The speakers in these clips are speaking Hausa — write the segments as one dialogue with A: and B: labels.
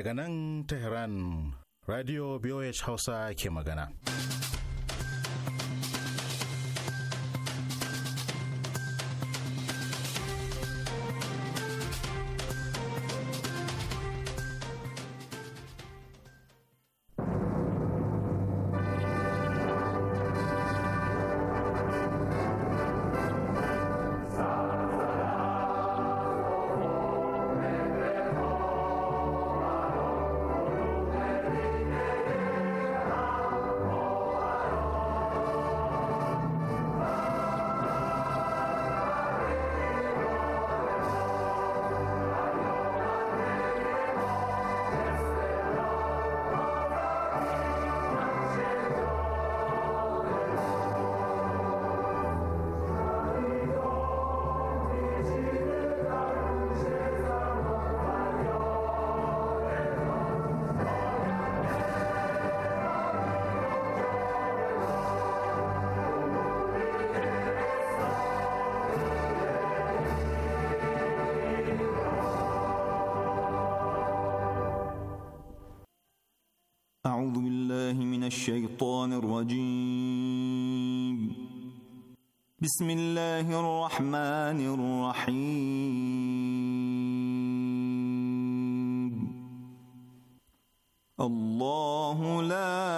A: daga nan tehran radio bih hausa ke magana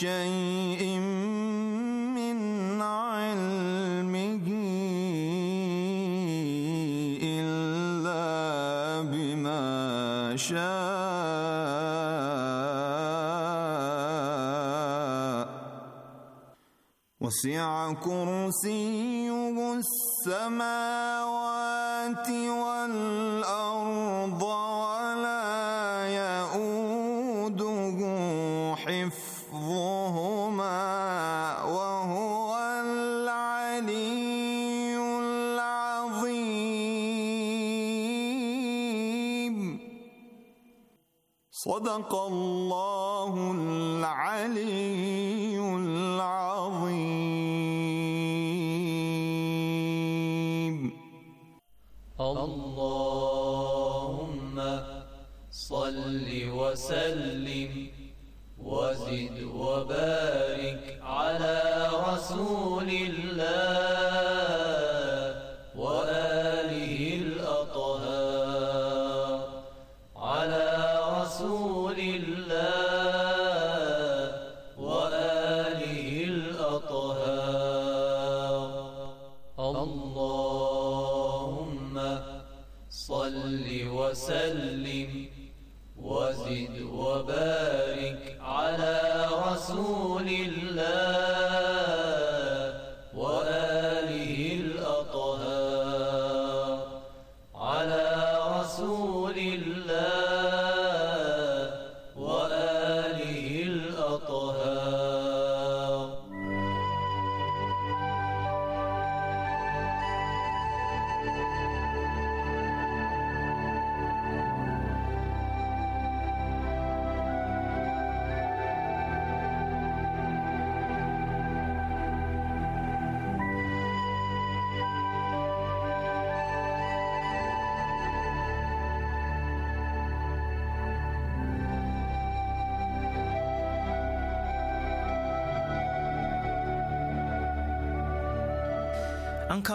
B: شيء من علمه إلا بما شاء وسع كرسيه السماء
C: وسلم وزد وبارك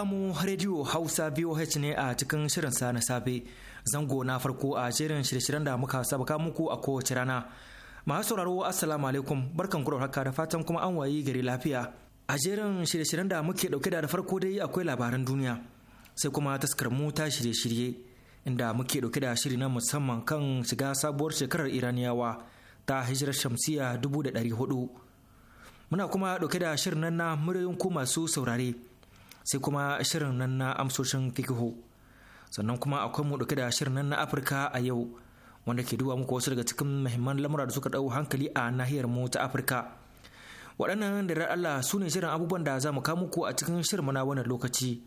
D: kamo rediyo hausa voh ne a cikin shirin sa na safe zango na farko a shirin shirye-shiryen da muka sabaka muku a kowace rana masu sauraro assalamu alaikum barkan kurar haka da fatan kuma an wayi gari lafiya a jerin shirye da muke dauke da da farko dai akwai labaran duniya sai kuma taskar mu ta shirye-shirye inda muke dauke da shiri na musamman kan shiga sabuwar shekarar iraniyawa ta hijirar shamsiya hudu, muna kuma dauke da shirin nan na muryoyin ku masu saurare sai kuma shirin nan na amsoshin fikihu sannan kuma akwai mu dauke da shirin nan na afirka a yau wanda ke duba muku wasu daga cikin muhimman lamura da suka dau hankali a nahiyar mu ta afirka waɗannan da Allah su ne shirin abubuwan da za mu kawo muku a cikin shirin na wannan lokaci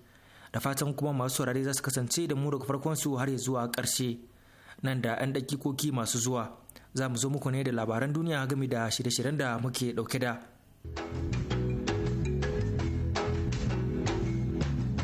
D: da fatan kuma masu saurare za su kasance da mu daga farkon su har ya zuwa ƙarshe nan da 'yan dakikoki masu zuwa za mu zo muku ne da labaran duniya game da shirye-shiryen da muke ɗauke da.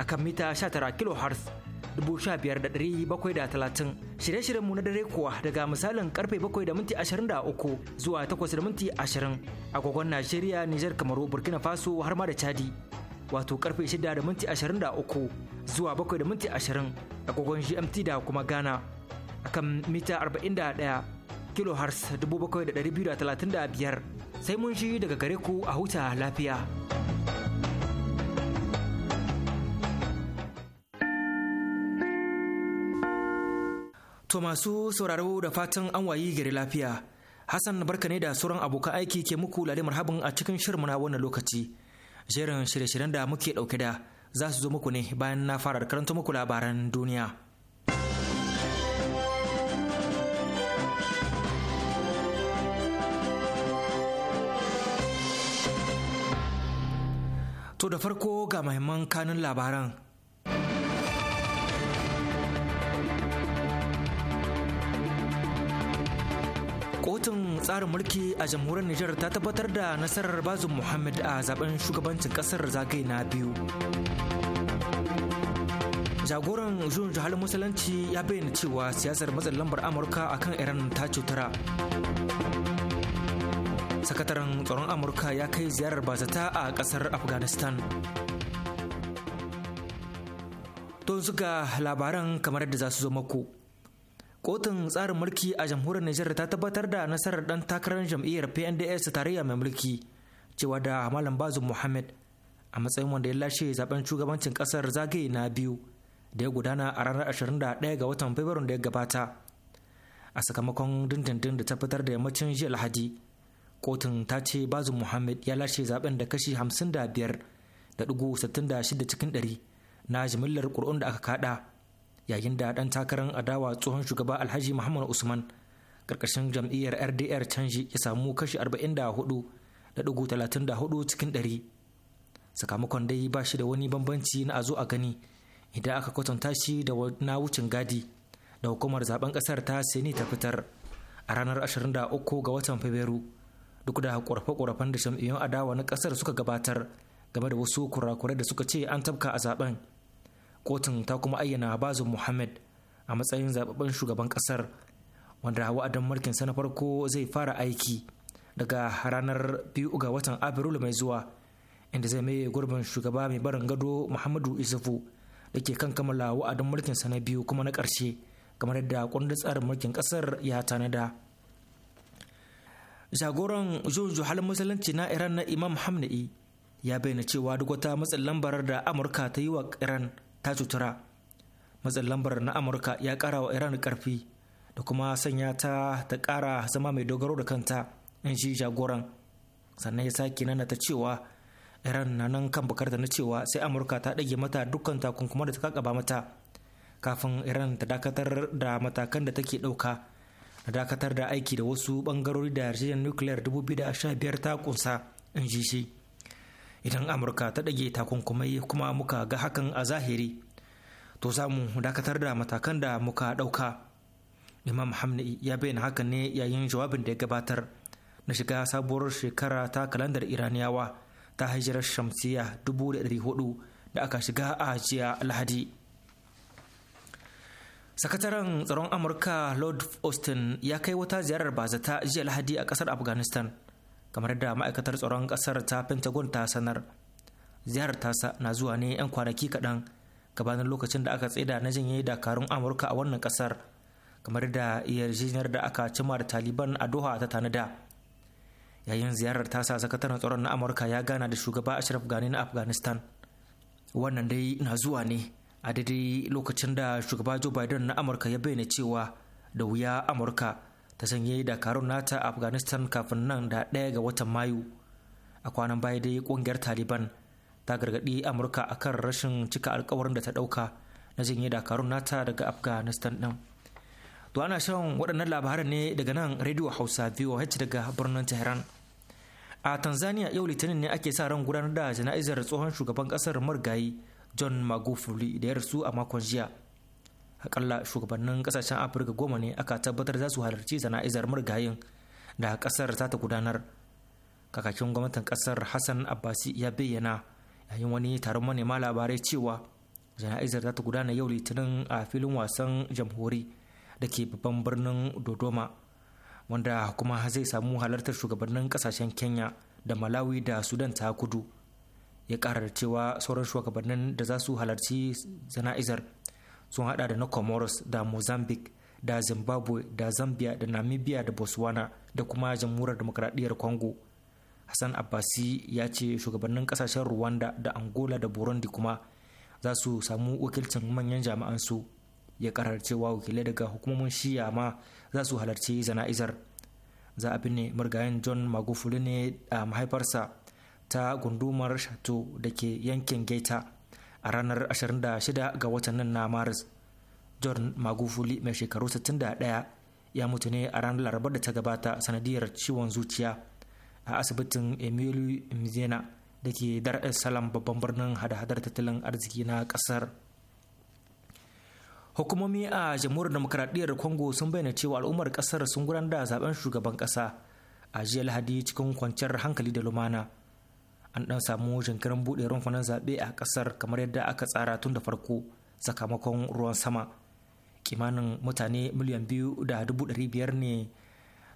D: akan mita 19 kHz 15730 shirye shiryenmu na dare kuwa daga misalin karfe 7 da minti zuwa 8 da minti 20 agogon Najeriya, Nijar, Kamaru, Burkina Faso har ma da Chadi. Wato karfe 6 da minti zuwa 7 da minti 20 agogon GMT da kuma Ghana. kan mita 41 kilohertz 7235 sai mun shi daga gare ku a huta lafiya. To masu sauraro da fatan an wayi gari lafiya. Hassan barka ne da sauran abokan aiki ke muku lalle marhaban a cikin shirin na wannan lokaci. Jerin shirye-shiryen da muke ɗauke da za su zo muku ne bayan na fara karanta muku labaran duniya. To da farko ga mahimman kanun labaran. kotun tsarin mulki a jamhuriyar nijar ta tabbatar da nasarar bazum muhammad a zaben shugabancin kasar zagaye na biyu jagoran juyin jihar musulunci ya bayyana cewa siyasar matsin lambar amurka akan iran ta cutara sakataren tsaron amurka ya kai ziyarar bazata a kasar afghanistan don suka labaran kamar da za su zo maku Kotun tsarin mulki a jamhuriyar Nijar ta tabbatar da nasarar dan takarar jam'iyyar PNDS tarayya mai mulki cewa da Malam Bazu Muhammad a matsayin wanda ya lashe zaben shugabancin kasar zagaye na biyu da ya gudana a ranar 21 ga watan Fabrairu da ya gabata. A sakamakon dindindin da ta fitar da yammacin jiya Lahadi, kotun ta ce Bazu Muhammad ya lashe zaben da kashi 55 da 66 cikin 100 na jimillar ƙuri'un da aka kada yayin da ɗan takarar adawa tsohon shugaba alhaji muhammad usman karkashin jam'iyyar rdr canji ya samu kashi 44.34 cikin 100 sakamakon dai ba shi da wani bambanci na a zo a gani idan aka kwatanta shi da na wucin gadi da hukumar zaben ƙasar ta seni ta fitar a ranar 23 ga watan fabrairu duk da ƙorafe-ƙorafen da jam'iyyun adawa na kasar suka gabatar game da wasu kurakurai da suka ce an tabka a zaben kotun ta kuma ayyana bazu muhammad a matsayin zababben shugaban kasar wanda wa'adin mulkin sa na farko zai fara aiki daga ranar biyu ga watan abril mai zuwa inda zai mai gurbin shugaba mai barin gado muhammadu isufu da ke kan kammala wa'adin mulkin sa na biyu kuma na ƙarshe kamar yadda kundin tsarin mulkin kasar ya tanada jagoran juju halin musulunci na iran na imam hamna'i ya bayyana cewa duk wata matsin lambar da amurka ta yi wa iran ta cutura matsin lambar na amurka ya kara wa iran karfi da kuma sanya ta ta kara zama mai dogaro da kanta in shi jagoran sannan ya sake nana ta cewa iran na nan kan bakar na cewa sai amurka ta ɗage mata dukkan takunkuma da ta kakaba mata kafin iran ta dakatar da matakan da take ɗauka da dakatar da aiki da wasu bangarori da yarjejen nukiliyar 2015 ta kunsa in shi shi idan amurka ta ɗage takunkumai kuma muka ga hakan a zahiri to za mu dakatar da matakan da muka ɗauka imam hamni ya bayyana hakan ne yayin jawabin da ya gabatar na shiga sabuwar shekara ta kalandar iraniyawa ta hijirar shamsiya 1400 da aka shiga a jiya lahadi sakataren tsaron amurka lord austin ya kai wata ziyarar bazata jiya lahadi a kasar afghanistan kamar da ma'aikatar tsaron kasar ta pentagon ta sanar ziyarar tasa na zuwa ne 'yan kwanaki kaɗan gabanin lokacin da aka tsida na jinye dakarun amurka a wannan kasar kamar da yarjejeniyar da aka cima da taliban a doha ta tanada yayin ziyarar tasa sakataren tsaron na amurka ya gana da shugaba ashraf gani na afghanistan wannan dai na zuwa ne a daidai lokacin da shugaba joe biden na amurka ya bayyana cewa da wuya amurka ta da dakarun nata a afghanistan kafin nan da ɗaya ga watan mayu a kwanan baya dai ƙungiyar taliban ta gargaɗi amurka a kan rashin cika alkawarin da ta ɗauka na da dakarun nata daga afghanistan ɗin to ana shan waɗannan labaran ne daga nan radio hausa voh daga birnin tehran a tanzania yau litinin ne ake sa ran gudanar da jana'izar tsohon shugaban ƙasar marigayi john magufuli da ya rasu a makon jiya akalla shugabannin kasashen afirka goma ne aka tabbatar za su halarci zana'izar murgayin da kasar za ta gudanar kakakin gwamnatin kasar hassan abbasi ya bayyana yayin wani taron manema labarai cewa jana'izar za ta gudana yau litinin a filin wasan jamhuri da ke babban birnin dodoma wanda kuma zai samu halartar shugabannin kasashen kenya da malawi da sudan ta kudu ya karar cewa sauran shugabannin da za su halarci jana'izar sun hada da na comoros da mozambique da zimbabwe da zambia da namibia da botswana da kuma jamhuriyar demokradiyyar congo hassan abbasi ya ce shugabannin kasashen rwanda da angola da burundi kuma za su samu wakilcin manyan jami'an su ya karar cewa wakilai daga hukumomin shiya ma za su halarci zana'izar za a binne murgayen john magufuli ne a mahaifarsa ta gundumar shato da ke yankin gaita a ranar 26 ga watan nan na maris john magufuli mai shekaru 61 ya mutu ne a ranar larabar da ta gabata sanadiyar ciwon zuciya a asibitin emilu mzena da ke dar es salaam babban birnin hada-hadar tattalin arziki na kasar hukumomi a jamhuriyar demokradiyyar congo sun bayyana cewa al'ummar kasar sun gudanar da zaben shugaban kasa a jiya lahadi cikin kwanciyar hankali da lumana an ɗan samu jinkirin buɗe rumfunan zaɓe a ƙasar kamar yadda aka tsara tun da farko sakamakon ruwan sama kimanin mutane miliyan biyu da dubu ɗari biyar ne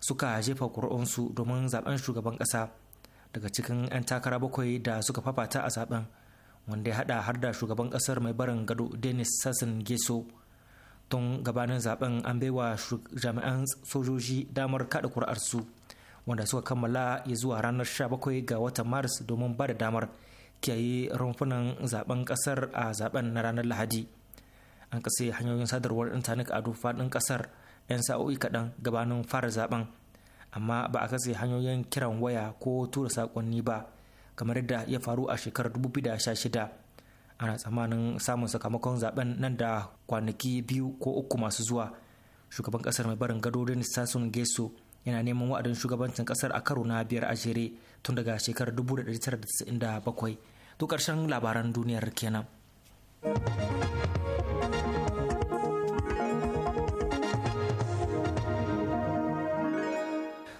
D: suka jefa ƙuri'unsu domin zaben shugaban ƙasa daga cikin 'yan takara bakwai da suka fafata a zaben wanda ya haɗa har da shugaban ƙasar mai barin gado denis sassan geso tun gabanin zaben an baiwa jami'an sojoji damar kada ƙuri'arsu su wanda suka kammala ya zuwa ranar 17 ga watan maris domin ba da damar kiyaye rumfunan zaben kasar a zaben na ranar lahadi an kase hanyoyin sadarwar intanet a duk faɗin kasar 'yan sa'o'i kaɗan gabanin fara zaben amma ba a kase hanyoyin kiran waya ko tura saƙonni ba kamar yadda ya faru a shekarar 2016 ana tsammanin samun sakamakon zaben nan da kwanaki biyu ko uku masu zuwa shugaban kasar mai barin gado Denis sassun Geso yana neman wa'adin shugabancin kasar a karo na biyar a jere tun daga shekarar 1997 to karshen labaran duniyar kenan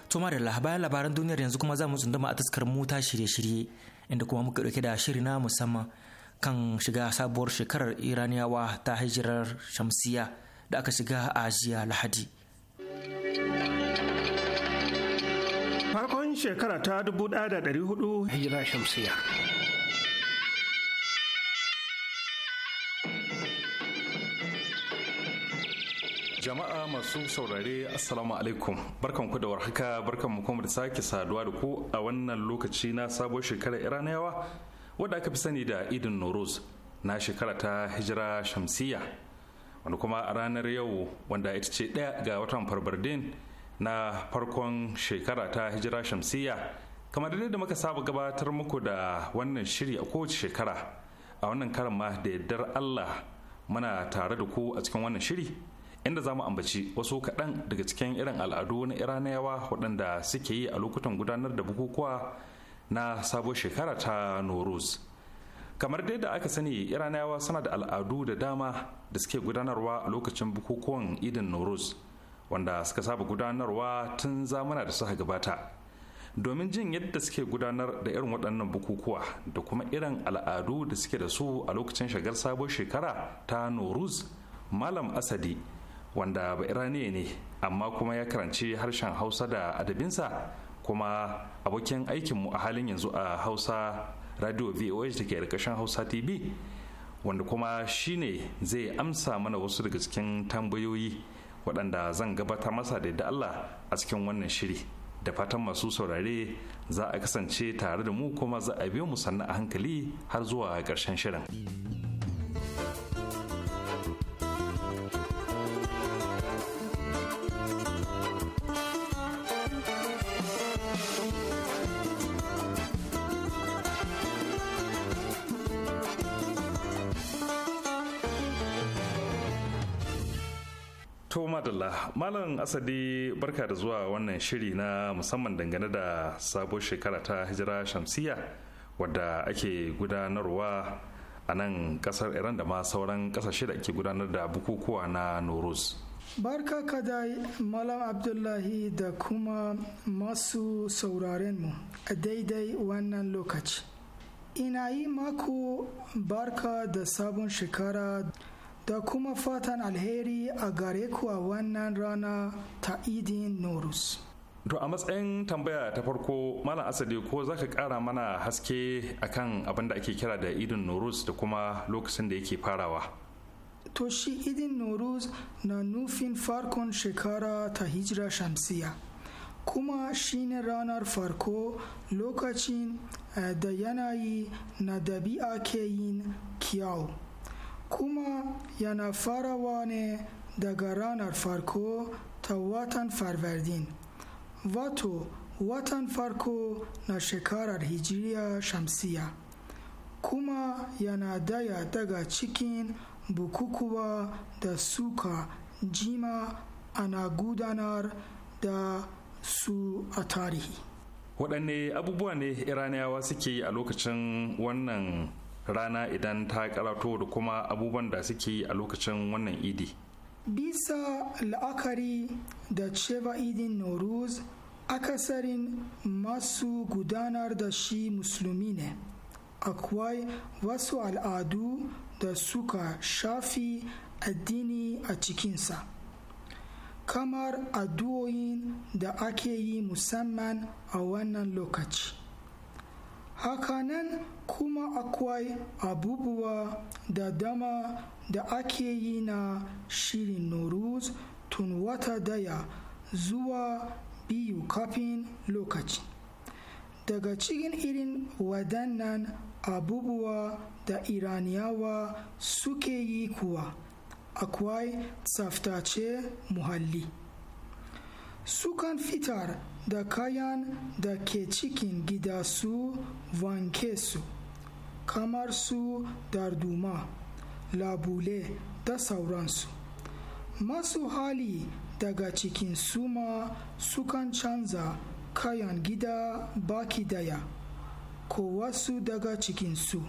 D: Tuma da bayan labaran duniyar yanzu kuma za mu tsunduma a taskar mota shirye-shirye inda kuma muka ɗauke da shiri na musamman kan shiga sabuwar shekarar iraniyawa ta hijirar shamsiya da aka shiga a jiya lahadi. Farkon shekara ta 1400 hijira shamsiya.
E: jama'a masu saurare assalamu alaikum barkan ku da warhaka barkan mu kuma da sake saduwa da ku a wannan lokaci na sabon shekarar iraniyawa wadda aka fi sani da idin noruz na shekara ta hijira shamsiya wanda kuma a ranar yau wanda ita ce ɗaya ga watan farbardin na farkon shekara ta hijira shamsiyya kamar da da muka saba gabatar muku da wannan shiri a kowace shekara a wannan karin ma da yardar allah muna tare da ku a cikin wannan shiri inda za mu ambaci wasu kaɗan daga cikin irin al'adu na iraniyawa waɗanda suke yi a lokutan gudanar da bukukuwa na sabuwar shekara ta noruz kamar dai da aka sani iraniyawa suna da al'adu da dama da suke gudanarwa a lokacin bukukuwan idin noruz wanda suka saba gudanarwa tun zamana da suka gabata domin jin yadda suke gudanar da irin waɗannan bukukuwa da kuma irin al'adu da suke da su a lokacin shagar sabon shekara ta noruz malam asadi wanda ba ne amma kuma ya karanci harshen hausa da adabinsa kuma abokin aikinmu a halin yanzu a hausa radio voh da ke ƙarƙashin hausa tv wanda kuma shine zai amsa mana wasu daga cikin tambayoyi waɗanda zan gabata masa da Allah a cikin wannan shiri da fatan masu saurare za a kasance tare da mu kuma za a biyo mu sannan a hankali har zuwa ƙarshen shirin. To madalla Malam Asadi barka da zuwa wannan shiri na musamman dangane da sabon shekara ta hijira shamsiya wadda ake gudanarwa a nan kasar Iran da ma sauran kasashe da ake gudanar da bukukuwa na Noruz.
F: Barka ka da Malam Abdullahi da kuma masu sauraren mu a daidai wannan lokaci. Ina yi maku barka da sabon shekara da kuma fatan alheri a gare ku a wannan rana ta idin norus
E: to a matsayin tambaya ta farko malam Asadi ko za ka kara mana haske akan abin da ake kira da idin norus da kuma lokacin da yake farawa
F: to shi idin norus na nufin farkon shekara ta hijira shamsiya kuma shine ranar farko lokacin eh, da yanayi na dabi'a ke yin kyau kuma yana farawa ne daga ranar farko ta watan farvardin wato watan farko na shekarar hijiriya shamsiya kuma yana daya daga cikin bukukuwa da suka jima ana gudanar da su a tarihi
E: waɗanne abubuwa ne iraniyawa suke yi a lokacin wannan rana idan ta karato da kuma abubuwan da suke a lokacin wannan idi
F: bisa la'akari da cewa idin noruz akasarin masu gudanar da shi musulmi ne akwai wasu al'adu da suka shafi addini a cikinsa kamar addu'o'in da ake yi musamman a wannan lokaci hakanan kuma akwai abubuwa da dama da ake yi na shirin noruz tun wata daya zuwa biyu kafin lokaci daga cikin irin wadannan abubuwa da iraniyawa suke yi kuwa akwai tsaftace muhalli sukan fitar da kayan da ke cikin gida su wanke su kamar su darduma labule da sauransu masu hali daga cikin suma sukan canza kayan gida baki daya ko wasu daga cikin su,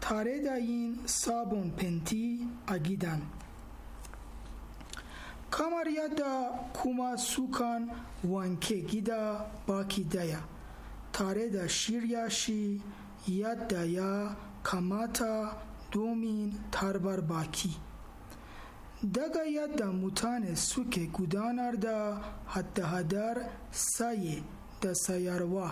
F: tare da yin sabon fenti a gidan kamar yadda kuma sukan wanke gida baki daya tare da shirya shi yadda ya kamata domin tarbar baki daga yadda mutane suke gudanar da hada-hadar saye da sayarwa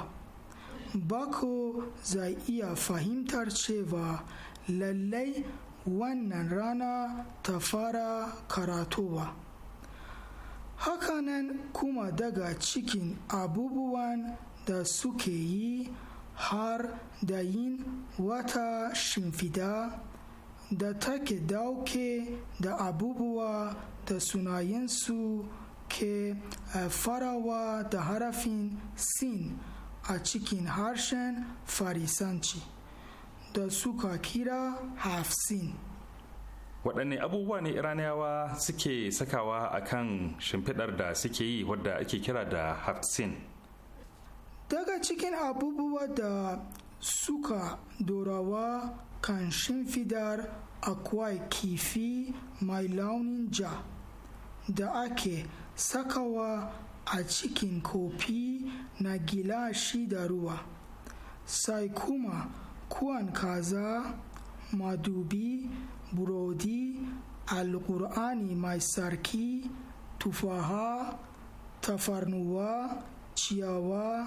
F: bako zai iya fahimtar cewa lallai wannan rana ta fara karatowa. hakanan kuma daga cikin abubuwan da suke yi har da yin wata shimfida da take dauke da abubuwa da sunayensu ke eh, farawa da harafin sin a cikin harshen farisanci da suka kira hafsin
E: waɗanne abubuwa ne iraniyawa suke sakawa a kan shimfiɗar da suke yi wadda ake kira da hafsin
F: daga cikin abubuwa da suka dorawa kan shimfidar akwai kifi mai launin ja da ake sakawa a cikin kofi na gilashi da ruwa sai kuma kuwan kaza madubi برودي القرآن مايساركي تفاها تفرنوا چیاوا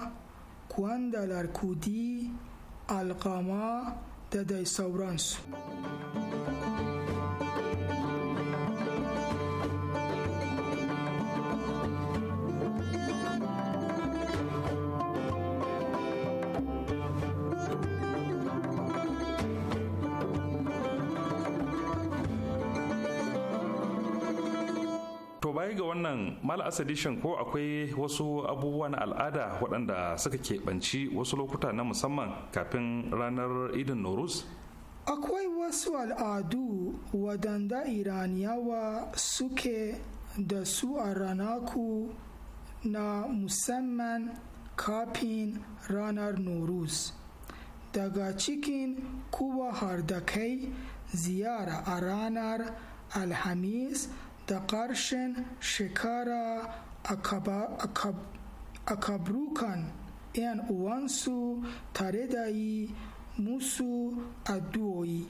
F: كواندالاركودي القاما تدى سورانسو
E: nan mal asadishin ko akwai wasu abubuwa na al'ada waɗanda suka keɓanci wasu lokuta na musamman kafin ranar idin norus
G: akwai
F: wasu al'adu waɗanda iraniyawa suke da su a ranaku na musamman kafin ranar norus daga cikin kuwa har da kai ziyara a ranar alhamis da ƙarshen shekara a kabrukan yan uwansu tare da yi musu addu'o'i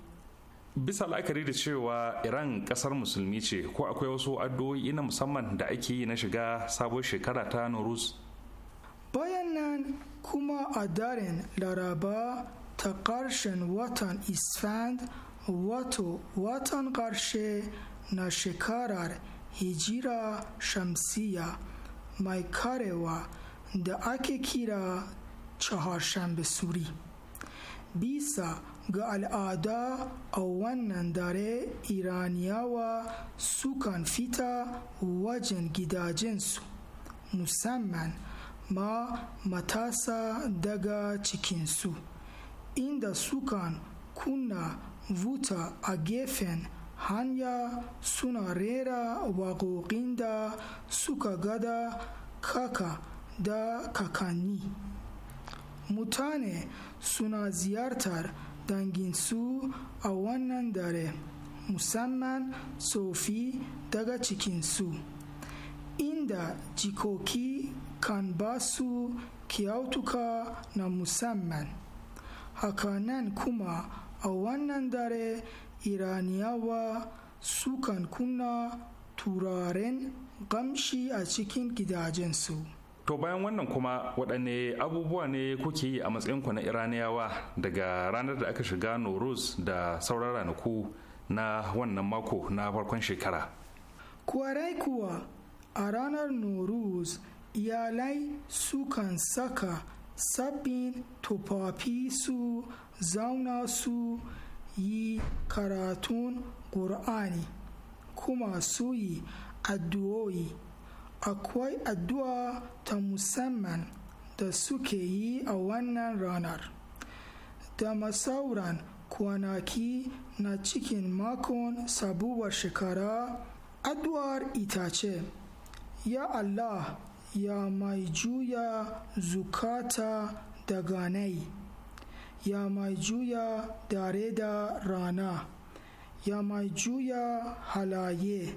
E: bisa la'akari da cewa iran kasar musulmi ce ko akwai wasu addu'o'i na musamman da ake yi na shiga sabon shekara ta nor'us.
F: bayan nan kuma a daren laraba ta karshen watan isfand wato watan ƙarshe na shekarar hijira shamsiya mai karewa da ake kira shahararren suri bisa ga al'ada a wannan dare iraniyawa sukan fita wajen gidajensu musamman ma matasa daga cikinsu inda sukan kunna vuta a gefen hanya suna rera waƙoƙin da suka gada kaka da kakanni mutane suna ziyartar danginsu a wannan dare musamman sofi daga cikinsu inda jikoki kan ba su kyautuka na musamman hakanan kuma a wannan dare iraniyawa sukan kunna turaren gamshi a cikin gidajensu
E: to bayan wannan kuma waɗanne abubuwa ne kuke yi a matsayinku na iraniyawa daga ranar da aka shiga noruz da sauran ranaku na wannan mako na farkon shekara
F: kwarai kuwa a ranar noruz iyalai sukan saka sabbin tufafi su zauna su yi karatun ƙur'ani kuma su yi addu'o'i akwai addu'a ta musamman da suke yi a wannan ranar da masauran kwanaki na cikin makon sabuwar shekara addu'ar ita ce ya allah ya mai juya zukata da ganai? ya mai juya dare da rana ya mai juya halaye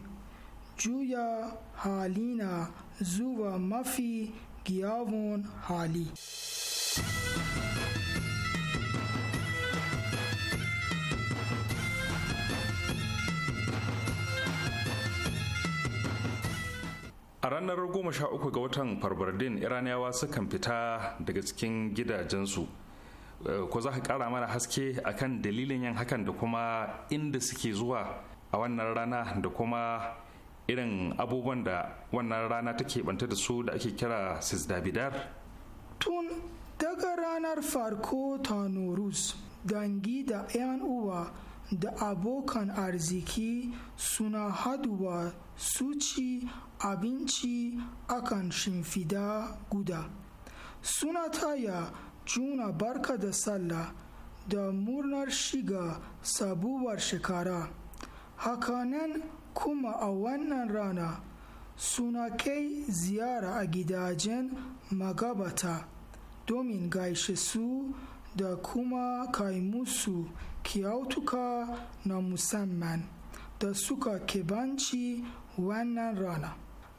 F: juya halina zuwa mafi giyawun hali
E: a ranar 13 ga watan farbardin iraniyawa sukan fita daga cikin gidajensu Eh, ko za ka kara mana haske akan dalilin yin hakan da kuma inda suke zuwa a wannan rana da kuma irin abubuwan da wannan rana take banta da su da ake kira sisdabidar
F: tun daga ranar farko ta norus dangi da 'yan uwa da abokan arziki suna haduwa su ci abinci akan shimfida guda suna taya juna barka da sallah da murnar shiga sabuwar shekara hakanan kuma a wannan rana suna kai ziyara a gidajen magabata domin gaishe su da kuma kai musu kyautuka na musamman da suka kebanci wannan rana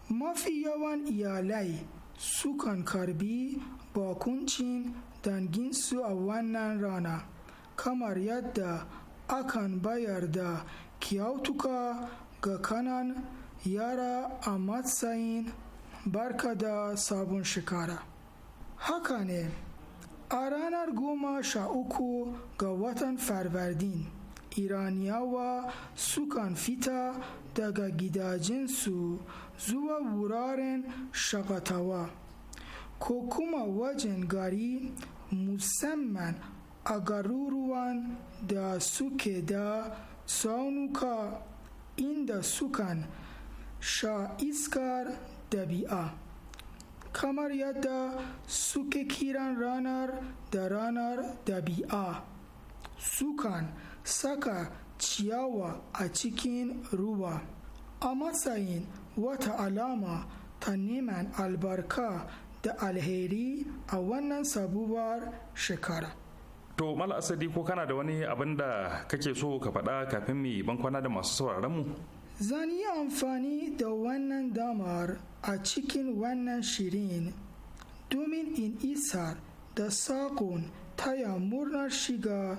F: mafi yawan iyalai sukan karbi bakuncin danginsu a wannan rana kamar yadda akan bayar da kyautuka ga kanan yara a matsayin barka da sabon shekara haka ne a ranar goma sha uku ga watan farvardin iraniyawa sukan fita daga gidajensu zuwa wuraren shakatawa ko kuma wajen gari musamman a garuruwan da suke da tsaunuka inda sukan sha iskar dabi'a kamar yadda suke kiran ranar da ranar dabi'a sukan saka ciyawa a cikin ruwa a matsayin wata alama ta neman albarka da alheri a wannan sabuwar shekara
E: to mala asadi ko kana da wani abin da kake so ka faɗa kafin mai bankwana da masu sauraron mu
F: zan yi amfani da wannan damar a cikin wannan shirin domin in isar da saƙon taya murnar shiga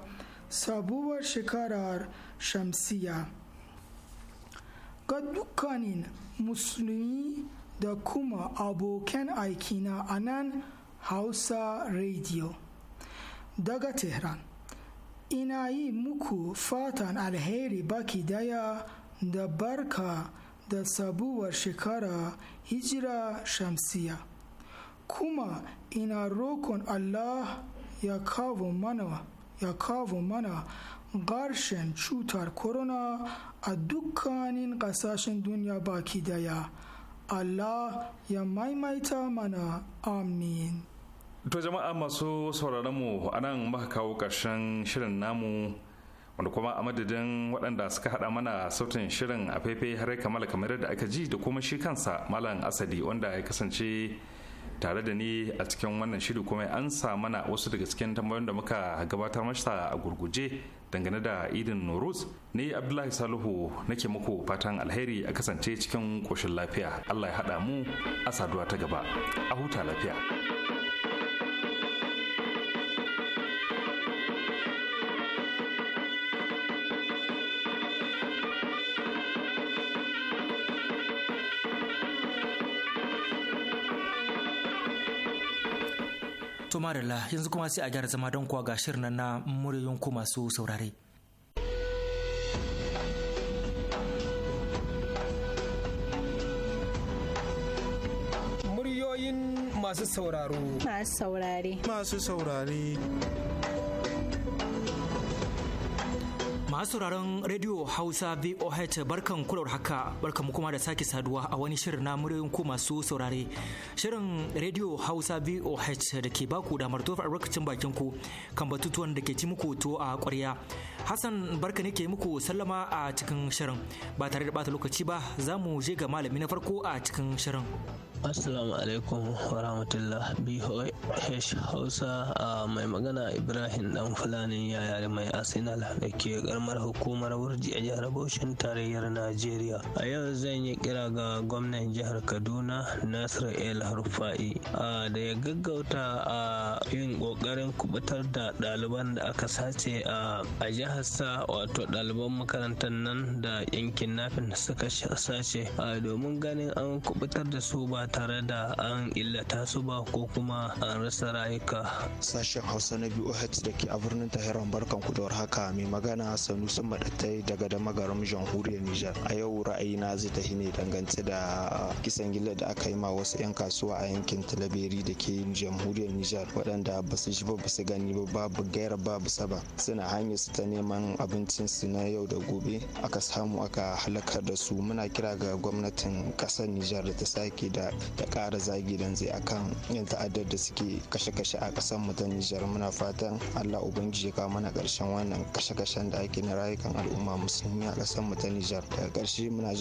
F: sabuwar shekarar shamsiya ga dukkanin musulmi da kuma abokan aikina a nan hausa radio daga tehran ina yi muku fatan alheri baki daya da barka da sabuwar shekara hijira shamsiya kuma ina rokon allah ya kawo mana ya kawo mana garshen cutar corona a dukkanin ƙasashen duniya baki daya Allah ya maimaita mana amin
E: to jama'a masu sauraron mu anan muka kawo ƙarshen shirin namu wanda kuma a madadin waɗanda suka haɗa mana sautin shirin a faifai har kamala kamar da aka ji da kuma shi kansa malam asadi wanda ya kasance tare da ni a cikin wannan shiri kuma an sa mana wasu daga cikin tambayoyin da muka gabatar masa a gurguje dangane da idin Nuruz ne abdullahi salihu nake muku fatan alheri a kasance cikin koshin lafiya allah ya haɗa mu a saduwa ta gaba a huta lafiya
D: To Marilla yanzu kuma sai a gyara zama don kuwa ga shirin na muryoyin ku masu saurare. Muryoyin masu sauraro.
C: Masu saurare. Masu
A: saurare.
D: Masu sauraron Radio Hausa VOH barkan kular haka barkan kuma da sake saduwa a wani shirin na muryoyin ku masu saurare. Shirin Radio Hausa VOH da ke baku damar tofa albarkacin bakin ku kan batutuwan da ke ci muku to a ƙwarya. Hassan barka ne ke muku sallama a cikin shirin ba tare da bata lokaci ba za mu je ga malami na farko a cikin shirin.
C: Assalamu alaikum warahmatullah Hausa a mai magana Ibrahim dan Fulani yaya mai Arsenal da ke karamar hukumar Wurji a jihar Baushin tarayyar Najeriya. A yau zan yi kira ga gwamnan jihar Kaduna Nasir El Rufai da ya gaggauta a yin kokarin kubutar da ɗaliban da aka sace a jihar sa wato ɗaliban makarantar nan da yankin nafin suka sace domin ganin an kubutar da su ba tare da an illata su ba ko kuma an rasa rayuka.
H: Sashen Hausa na BOH da ke a birnin Tahiran barkan ku da haka mai magana sanu sun Maɗattai daga damagaram jamhuriyar Nijar. A yau ra'ayina zai ta ne dangance da ah, kisan gilla da aka yi ma wasu 'yan kasuwa a yankin Talaberi da ke jamhuriyar Nijar waɗanda ba su ji ba su gani ba babu gaira babu saba suna hanyar su ta neman abincin su na yau da gobe aka samu aka halakar da su muna kira ga gwamnatin ƙasar Nijar da ta sake da ta ƙara zagi zai akan yan ta'addar da suke kashe-kashe a ƙasar mu ta Nijar muna fatan Allah ubangiji ya kawo mana ƙarshen wannan kashe-kashen da ake na rayukan al'umma musulmi a ƙasar mu ta Nijar daga ƙarshe muna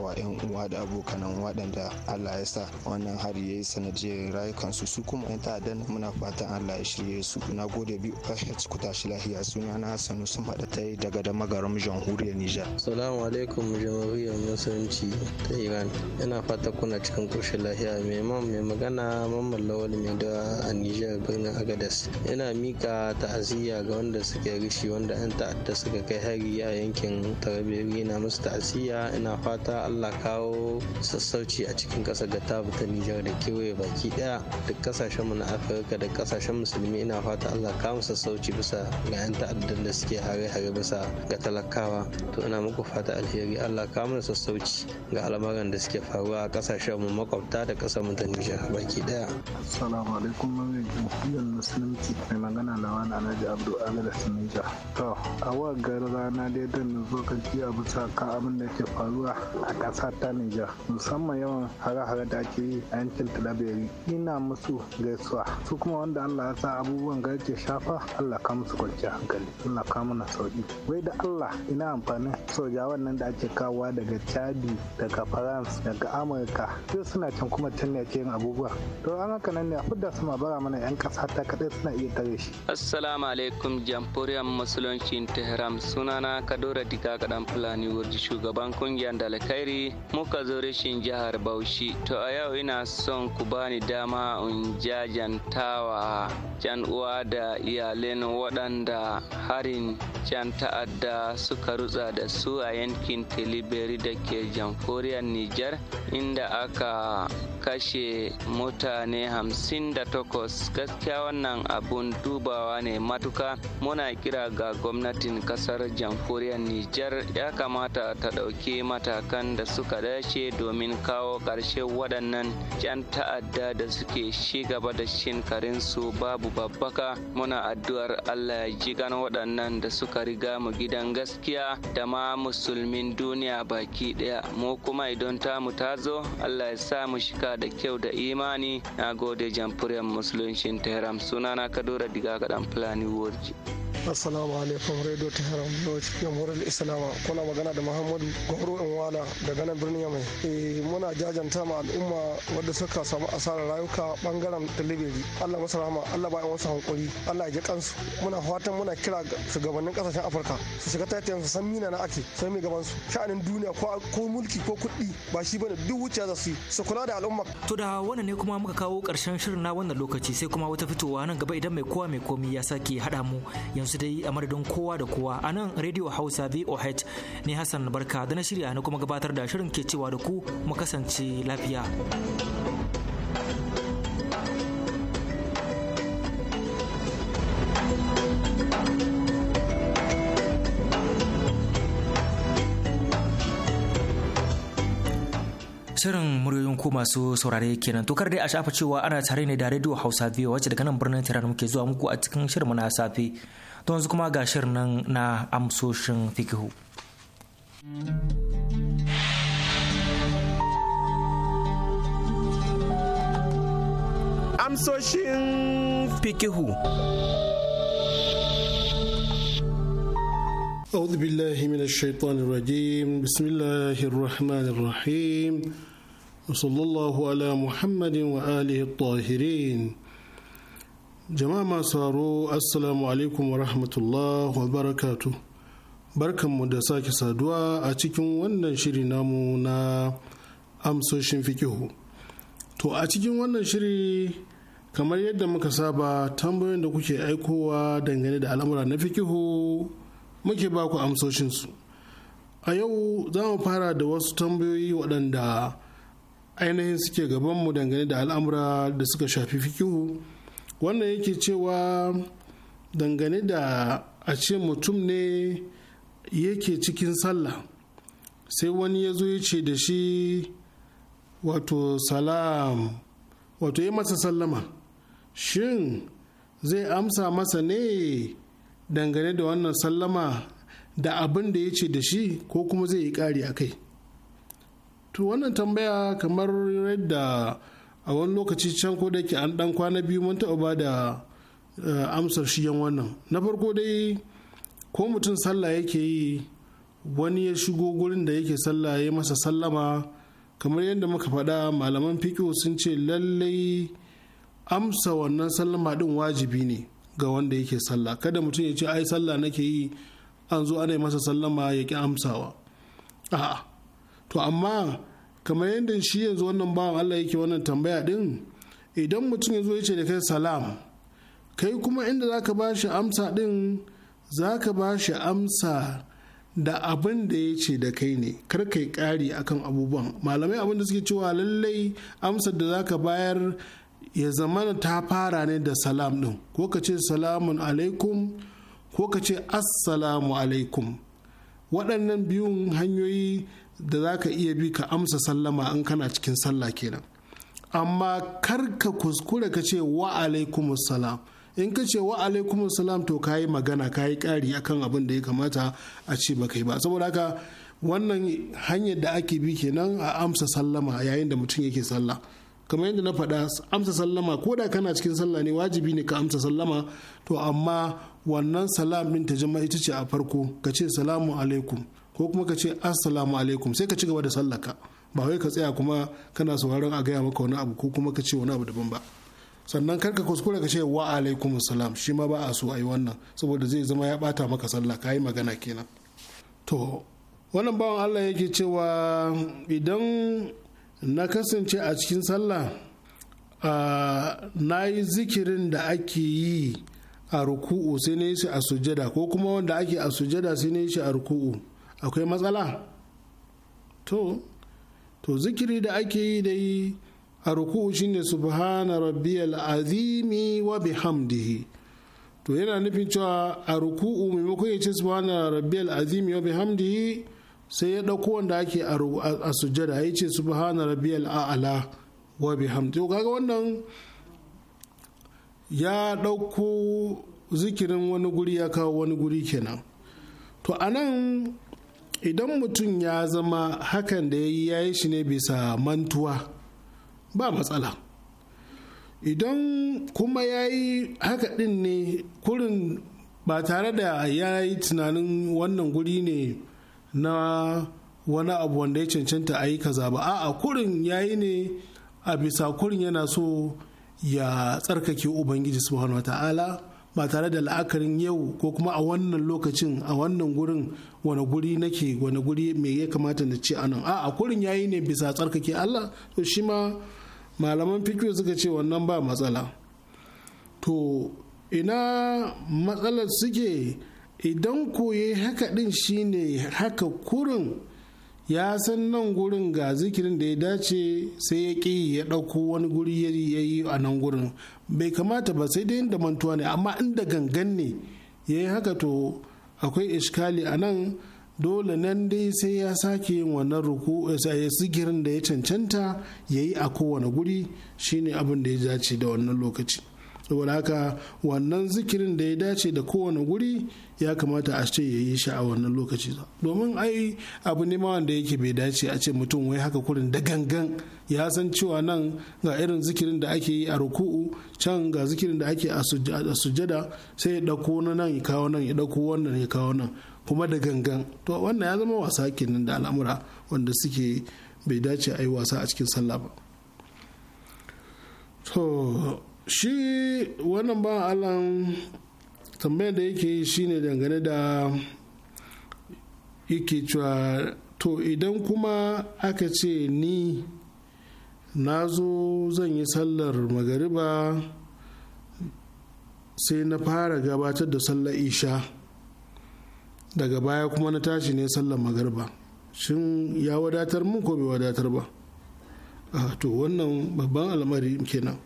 H: wa yan uwa da abokanan waɗanda Allah ya sa wannan hari yayi yi sanadiyar rayukan su su kuma yan ta'addan muna fatan Allah ya shirye su na gode biyu FH ku tashi lahiya suna na Hassan Usman yi daga damagaram
C: jamhuriyar Nijar. Assalamu alaikum jamhuriyar musulunci ta Iran ina fata kuna cikin ƙoshin lafiya mai man mai magana mamman lawal mai da a Nijar birnin Agadas. ina mika ta'aziyya ga wanda suke rishi wanda 'yan ta'adda suka kai hari a yankin Tarabiri na musu ta'aziyya ina fata Allah kawo sassauci a cikin ƙasar ga ta Nijar da kewaye baki ɗaya duk ƙasashen mu na Afirka da ƙasashen musulmi ina fata Allah kawo sassauci bisa ga 'yan ta'adda da suke hare-hare bisa ga talakawa to ina muku fata alheri Allah kawo sassauci ga al'amuran da suke faruwa a ƙasashen mu makwabta ta da ƙasar mu ta Nijar baki daya.
A: Assalamu alaikum mai jamhuriyar musulunci mai magana lawa na Alhaji Abdu Agadas Nijar. To a wagar rana dai dan zo ka ji a bisa abin da ke faruwa a ƙasa ta Nijar musamman yawan hare-hare da ake yi a yankin Talabiri. Ina musu gaisuwa su kuma wanda Allah ya sa
H: abubuwan garke shafa Allah ka musu kwanciya hankali Allah ka mana sauki. Wai da Allah ina amfanin sojawan nan da ake kawowa daga Chadi daga France daga Amurka.
A: Duk suna can kuma can yin abubuwa to an haka nan ne a fudda su ma bara mana yan kasa ta kadai
F: suna iya tare shi
C: assalamu alaikum jamhuriyar musuluncin tehran sunana kadora diga kadan fulani wurji shugaban kungiyar dalakairi muka zo rashin jihar bauchi to a yau ina son ku bani dama in jajantawa can uwa da iyalen waɗanda harin can ta'adda suka rutsa da su a yankin tilibiri da ke jamhuriyar niger inda aka kashe mutane hamsin da takwas gaskiya wannan abun dubawa ne matuka muna kira ga gwamnatin kasar jamhuriyar nijar ya kamata ta ɗauki matakan da suka dace domin kawo ƙarshen waɗannan jan ta'adda da suke shigaba da shin karinsu babu babbaka muna addu'ar allah ya jigan waɗannan da suka riga mu gidan gaskiya da ma musulmin duniya baki ɗaya mu kuma idan tamu ta zo allah ya sa mu shika da kyau da imani na gode musulunci musuluncin tehran sunana kadora diga kaɗan fulani warji.
A: assalamu alaikum radio tehran lokaci jamhuriyar
H: islama kuna magana da muhammadu gwaro wala daga nan birnin yamai eh, muna jajanta ma al'umma wadda suka samu asarar rayuka bangaren delivery allah masu rahama allah bayan wasu hankuri allah ya ji kansu muna fatan muna kira shugabannin kasashen afirka su shiga taitayen su san mina na ake sai mai gaban su sha'anin duniya ko mulki ko kuɗi ba shi bane duk wuce za su su kula da al'umma.
D: to da wannan ne kuma muka kawo ƙarshen shirin na wannan lokaci sai kuma wata fitowa nan gaba idan mai kowa mai komi ya sake haɗa mu yanzu su dai a madadin kowa da kowa a nan Radio Hausa VOH ne Hassan Barka da na shirya na kuma gabatar da shirin ke cewa da ku mu kasance lafiya. Shirin muryoyin ku masu saurare kenan to dai a shafa cewa ana tare ne da Radio Hausa biyu wacce daga nan birnin Tehran muke zuwa muku a cikin shirin na safe. don yanzu kuma ga shirin nan na amsoshin fikihu.
A: Amsoshin fikihu. أعوذ بالله من الشيطان الرجيم بسم الله الرحمن الرحيم وصلى الله على محمد وآله الطاهرين jama'a masu haro assalamu alaikum wa rahmatullah wa barakatu barkanmu da sake saduwa a cikin wannan shiri namu na amsoshin fikihu to a cikin wannan shiri kamar yadda muka saba tambayoyin da kuke aikowa dangane da al'amura na fikihu muke ba ku amsoshinsu a yau za mu fara da wasu tambayoyi waɗanda ainihin suke gabanmu dangane da al'amura da suka shafi fikihu wannan yake cewa dangane da a ce mutum ne yake cikin sallah sai wani ya zo ya ce da shi wato salam wato ya masa sallama shin zai amsa masa ne dangane da wannan sallama da abin da ya ce da shi ko kuma zai yi ƙari a kai to wannan tambaya kamar yadda a wani lokaci can ko da ke an dan kwana biyu mun taɓa ba da eh, amsar shi yan wannan na farko dai ko mutum sallah yake yi wani ya shigo gurin da yake sallah ya masa sallama kamar yadda muka faɗa malaman fiƙo sun ce lallai amsa wannan sallama ɗin wajibi ne ga wanda yake sallah kada mutum ya ce ai sallah nake yi an zo ana masa sallama ya ki amsawa a'a to amma kamar yadda shi yanzu wannan bawan Allah yake wannan tambaya din idan mutum ya zo ya ce da kai salam kai kuma inda za ka ba shi amsa din za ka ba shi amsa da abin da ya ce da kai ne kar kai kari akan abubuwan malamai abin da suke cewa lallai amsar da za ka bayar ya zamana ta fara ne da salam din ko ka ce salamun alaikum ko ka ce assalamu alaikum waɗannan biyun hanyoyi da za ka iya bi ka amsa sallama in kana cikin sallah kenan amma kar ka kuskure ka ce wa salam,' in ka ce wa salam' to ka yi magana ka yi ƙari akan abin da ya kamata a ce ba kai ba saboda haka wannan hanyar da ake bi kenan a amsa sallama yayin da mutum yake sallah kamar yadda na faɗa amsa sallama ko da kana cikin sallah ne wajibi ne ka amsa sallama to amma wannan salam ɗin ta jama'a ita ce a farko ka ce salamu alaikum ko kuma ka ce assalamu alaikum sai ka ci gaba da sallaka ba wai ka tsaya kuma kana sauraron a gaya maka wani abu ko kuma ka ce wani abu daban ba sannan kar ka kuskure ka ce wa alaikum salam shi ma ba a so ayi wannan saboda zai zama ya bata maka sallah ka yi magana kenan to wannan bawan Allah yake cewa idan na kasance a cikin sallah na yi zikirin da ake yi a ruku'u sai na yi shi a sujada ko kuma wanda ake a sujada sai na yi shi a ruku'u akwai matsala to to zikiri da ake yi da yi a ruku'u shine subhana rabbiyal azimi wa bihamdihi to yana nufin cewa a ruku'u maimakon ya ce subhana rabbiyal azimi wa bihamdihi sai ya dauko wanda ake a sujjada ya ce subhana rabbiyal a'la wa bihamdihi kaga wannan ya dauko zikirin wani guri ya kawo wani guri kenan to anan idan mutum ya zama hakan da ya yi ya yi shi ne bisa mantuwa ba matsala idan kuma ya yi haka ɗin ne kurin ba tare da ya yi tunanin wannan guri ne na wani abu wanda ya cancanta a yi kaza ba a'a kurin ya yi ne a bisa kurin yana so ya tsarkake ubangiji subhanahu wa ta'ala ba tare da la'akarin yau ko kuma a wannan lokacin a wannan gurin wani guri nake wani guri me ya kamata na ce anan a kurin yayi ne bisa tsarkake Allah to shi ma malaman fikiyo suka ce wannan ba matsala to ina matsalar suke idan koye haka din shine haka kurin ya san nan gurin ga zikirin da ya dace sai ya ƙi ya ɗauko wani guri ya yi a nan gurin bai kamata ba sai dai inda mantuwa ne amma inda gangan ne ya yi haka to akwai iskali a nan dole nan dai sai ya sake yin wannan ruku eh, zikirin da ya cancanta ya yi a kowane guri shine abin da ya dace da wannan lokaci saboda haka wannan zikirin da ya dace da kowane guri ya kamata a ce ya yi shi a wannan lokaci domin ai abu ne ma wanda yake bai dace a ce mutum wai haka kurin da gangan ya san cewa nan ga irin zikirin da ake yi a ruku'u can ga zikirin da ake a sujada sai ya ɗauko na nan ya kawo nan ya ɗauko wannan ya kawo nan kuma da gangan to wannan ya zama wasa kenan da al'amura wanda suke bai dace a yi wasa a cikin sallah ba shi wannan ba alan tambayar da yake yi shine dangane da yake cewa to idan kuma aka ce ni na zo zan yi sallar magariba sai na fara gabatar da sallar isha daga baya kuma na tashi ne sallar magariba shin ya wadatar mun ko bai wadatar ba ah, to wannan babban al'amari kenan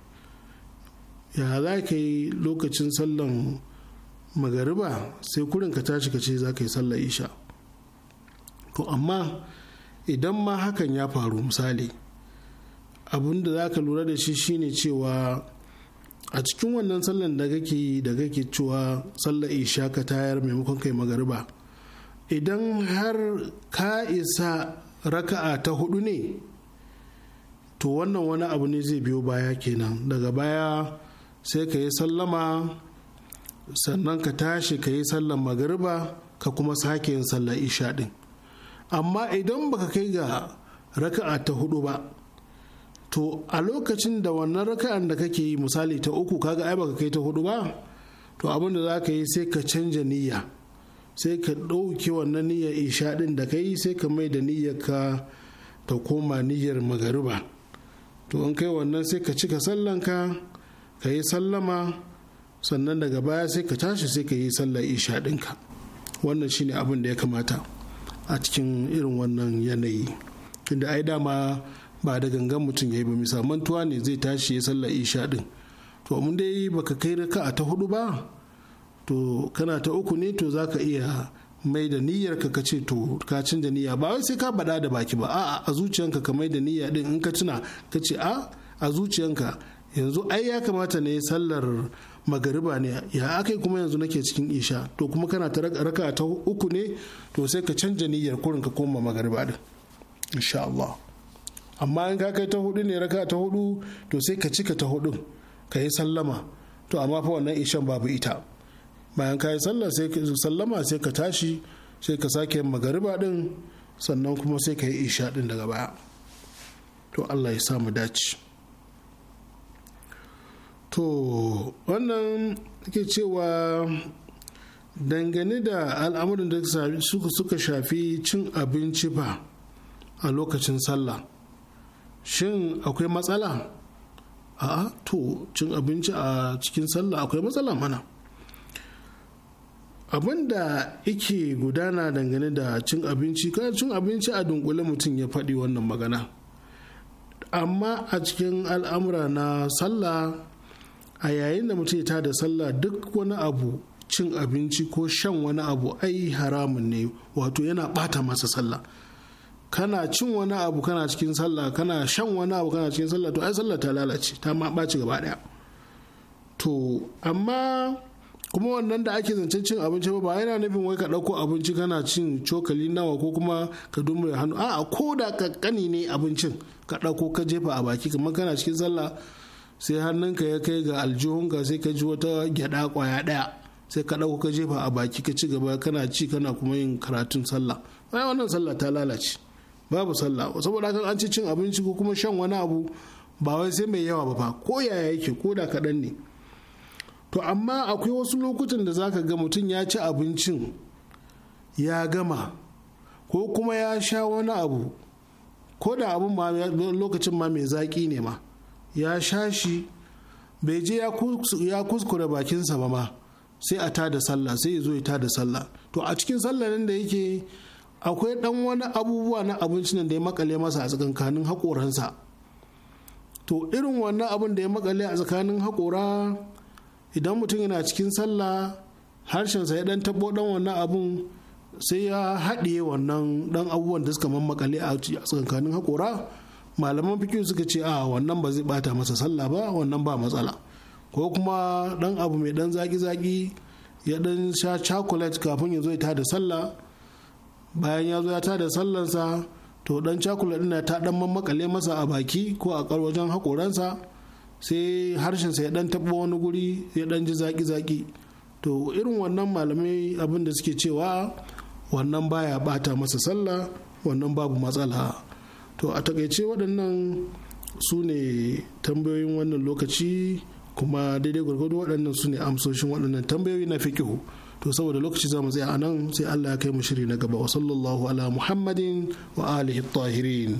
A: ya za ka yi lokacin sallan magariba sai kurin ka tashi ka ce za ka yi sallar isha to amma idan ma hakan ya faru misali abin da za ka lura da shi shine cewa a cikin wannan sallan da kake da kake cewa sallar isha ka tayar maimakon kai magariba idan har ka isa raka'a ta hudu ne to wannan wani abu ne zai biyo baya kenan daga baya sai ka yi sallama sannan ka tashi ka yi sallan magariba ka kuma sake yin sallar isha din amma idan baka kai ga raka'a ta hudu ba to a lokacin da wannan raka'an da kake yi misali ta uku kaga ai baka kai ta hudu ba to abin da za ka yi sai ka canja niyya sai ka ɗauke wannan niyyar isha din da ka yi sai ka mai da niyyar ka ta koma niyyar magariba to in kai wannan sai ka cika sallanka ka yi sallama sannan daga baya sai ka tashi sai ka yi sallar isha ɗinka wannan shine abin da ya kamata a cikin irin wannan yanayi tunda ai dama ba da gangan mutum ya yi ba misal mantuwa ne zai tashi ya sallar isha ɗin to mun dai baka kai raka a ta hudu ba to kana ta uku ne to zaka iya mai da niyyar ka ce to ka canja niyya ba wai sai ka bada da baki ba a'a a zuciyanka ka mai da niyya din in ka tuna ka ce a a zuciyanka yanzu ai ya kamata ne sallar magariba ne ya akai kuma yanzu nake cikin isha to kuma kana ta raka ta uku ne to sai ka canja niyyar kurin ka koma magariba din insha Allah amma in ka kai ta hudu ne raka ta hudu to sai ka cika ta hudu ka yi sallama to amma fa wannan ishan babu ita bayan ka yi sallah sai ka sallama sai ka tashi sai ka sake magariba din sannan kuma sai ka yi isha din daga baya to Allah ya sa mu dace to wannan ke cewa dangane da al'amuran da suka shafi cin abinci ba a lokacin sallah shin akwai matsala a to cin abinci a cikin sallah akwai matsala mana abin da yake gudana dangane da cin abinci kada cin abinci a dunkule mutum ya faɗi wannan magana amma a cikin al'amura na sallah a yayin da mutum ta da sallah duk wani abu cin abinci ko shan wani abu ai haramun ne wato yana bata masa sallah kana cin wani abu kana cikin sallah kana shan wani abu kana cikin sallah to ai sallah ta lalace ta ma baci gaba ɗaya to amma kuma wannan da ake zancen cin abinci ba yana nufin wai ka ɗauko abinci kana cin cokali nawa ko kuma ka dumbe hannu a'a ko da kakkani ne abincin ka ɗauko ka jefa a baki kamar kana cikin sallah sai hannunka ya kai ga aljihunka sai ka ji wata gyada kwaya daya sai ka dauko ka jefa a baki ka ci gaba kana ci kana kuma yin karatun sallah ai wannan sallah ta lalace babu sallah saboda haka an ci cin abinci ko kuma shan wani abu ba wai sai mai yawa ba fa ko yaya yake ko da kaɗan ne to amma akwai wasu lokutan da zaka ga mutum ya ci abincin ya gama ko kuma ya sha wani abu ko da abin ma lokacin ma mai zaƙi ne ma ya sha shi bai je ya kuskure bakinsa ba ma sai a tada sallah sai ya zo ya tada sallah to a cikin sallah nan da yake akwai dan wani abubuwa na abincin da ya makale masa a tsakankanin haƙoransa to irin wannan abin da ya makale a tsakanin haƙora idan mutum yana cikin sallah harshensa ya dan tabo dan wannan abun sai ya haɗiye wannan dan abubuwan da suka mamakale a tsakankanin haƙora malaman fikin suka ce a wannan ba zai bata masa sallah ba wannan ba matsala ko kuma dan abu mai dan zaki-zaki ya dan sha chocolate kafin ya zo ya tada sallah bayan ya zo ya tada sallansa to dan chocolate din ta dan mammakale masa a baki ko a kar wajen hakoransa sai harshensa ya dan taba wani guri ya dan ji zaki-zaki to irin wannan malamai abin da suke cewa wannan baya bata masa sallah wannan babu matsala to a takaice waɗannan su ne tambayoyin wannan lokaci kuma daidai gwargwado waɗannan su ne amsoshin waɗannan tambayoyi na fikihu to saboda lokaci za mu tsaya a nan sai Allah ya kai mu shiri na gaba wa sallallahu ala muhammadin wa alihi tahirin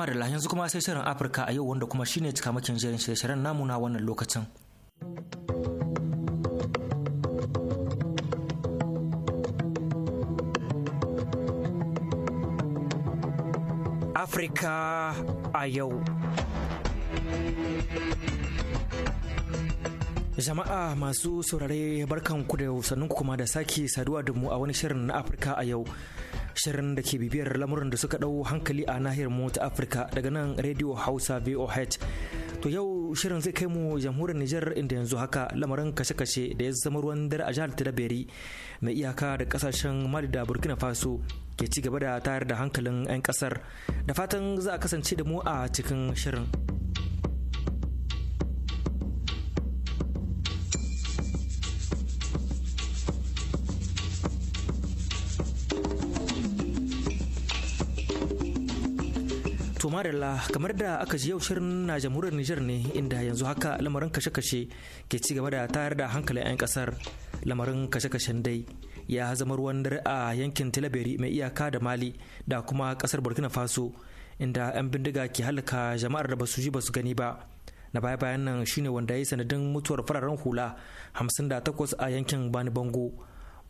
D: Kuma da yanzu kuma sai shirin Afirka a yau wanda kuma shine cikamakin jerin shirye-shiryen namu na wannan lokacin. Afirka a yau. Jama'a masu saurare barkan ku da sannan kuma da sake saduwa da mu a wani shirin na Afirka a yau. shirin da ke bibiyar lamurin da suka ɗau hankali a nahiyar mu ta Afirka daga nan Radio Hausa VOH. To yau shirin zai kai mu jamhuriyar Nijar inda yanzu haka lamarin kashe-kashe da ya zama ruwan dare a jihar Tilaberi mai iyaka da kasashen Mali da Burkina Faso ke ci gaba da tayar da hankalin 'yan kasar da fatan za a kasance da mu a cikin shirin. Tumarilla kamar da aka ji yau shirin na jamhuriyar Nijar ne inda yanzu haka lamarin kashe-kashe ke ci gaba da tayar da hankalin 'yan kasar lamarin kashe-kashen dai ya zama ruwan dare a yankin Tilaberi mai iyaka da Mali da kuma kasar Burkina Faso inda 'yan bindiga ke halaka jama'ar da basu ji basu gani ba na baya bayan nan shine wanda ya yi sanadin mutuwar fararen hula 58 a yankin Bani Bango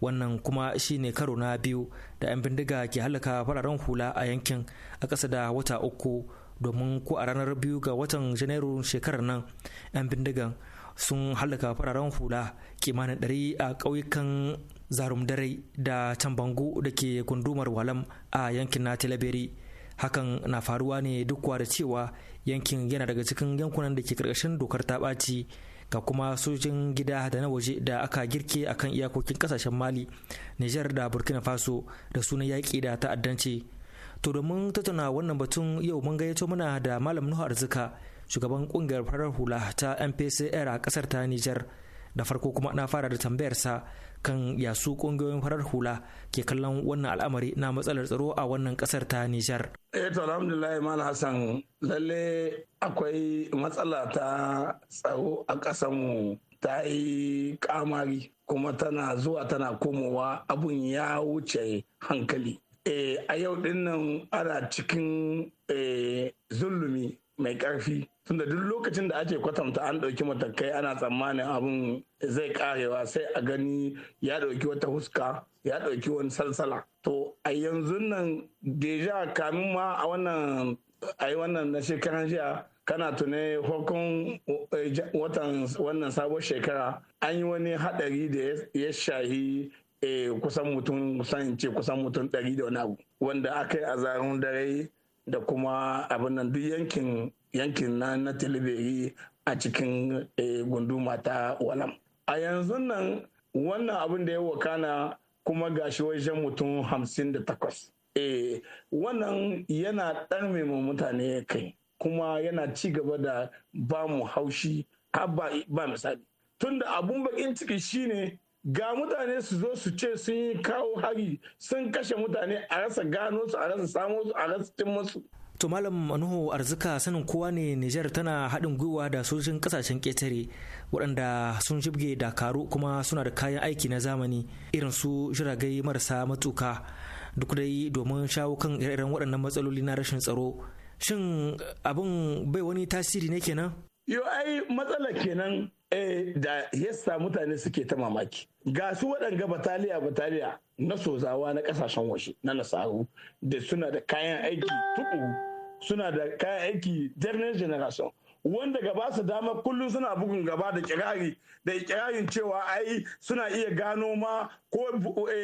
D: wannan kuma shine karo na biyu da 'yan bindiga ke halaka fararen hula a yankin a ƙasa da wata uku domin ko a ranar biyu ga watan janairu shekarar nan 'yan bindigan sun halaka fararen hula kimanin ɗari a ƙauyukan zarum dare da tambangu da ke gundumar walam a yankin na talabiri hakan na faruwa ne duk da cewa yankin yana daga cikin yankunan da ke ƙarƙashin dokar ta ɓaci ga kuma sojin gida da na waje da aka girke a kan iyakokin kasashen mali niger da burkina faso da sunan yaƙi da ta'addanci to domin tattauna wannan batun yau mun gayyato muna da malam nuhu arzika shugaban kungiyar farar hula ta mpcr a kasar ta niger da farko kuma na fara da tambayarsa kan yasu kungiyoyin farar hula ke kallon wannan al'amari na matsalar tsaro a wannan kasar ta Nijar.
H: Eh to alhamdulillah Malam Hassan lalle akwai matsala ta tsaro a ƙasar mu ta yi kamari kuma tana zuwa tana komowa abun ya wuce hankali. Eh a yau dinnan ana cikin eh, zulumi mai ƙarfi tunda duk lokacin da ake kwatanta an ɗauki matakai ana tsammanin abin zai karewa sai a gani ya ɗauki wata huska ya ɗauki wani salsala to a yanzu nan deja kamin ma a wannan a yi wannan na shekaran jiya kana tune hukun eh, watan wannan sabon shekara an yi wani haɗari da ya shahi eh, kusan mutum kusan ce kusan mutum ɗari da wani abu wanda aka yi a zarun dare da kuma abin nan duk yankin yankin na na tilibiri a cikin eh, gunduma ta walam a yanzu nan wannan abin da ya wakana kuma gashi wajen mutum hamsin da takwas Eh, wannan yana mai mutane kai kuma yana ci gaba da ba mu haushi ba misali tunda abun bakin ciki shine ga mutane su zo su ce sun yi kawo hari sun kashe mutane a rasa gano su a rasa samo su a rasa cin
D: to malam manuho arzika sanin kowa ne nijar tana haɗin gwiwa da sojin kasashen ƙetare waɗanda sun jibge dakaru kuma suna da kayan aiki na zamani irin su jiragai marasa matuka duk dai domin shawo kan ire-iren waɗannan matsaloli na rashin
H: tsaro shin abin bai wani tasiri ne kenan Yo ai matsalar kenan eh, da yasa mutane suke ta mamaki. Ga su waɗanga bataliya bataliya na sozawa na ƙasashen washe na nasaru da suna da kayan aiki tuku suna da kayan aiki dernier generation wanda gaba su dama kullum suna bugun gaba da kirari da kirarin cewa ai suna iya gano ma ko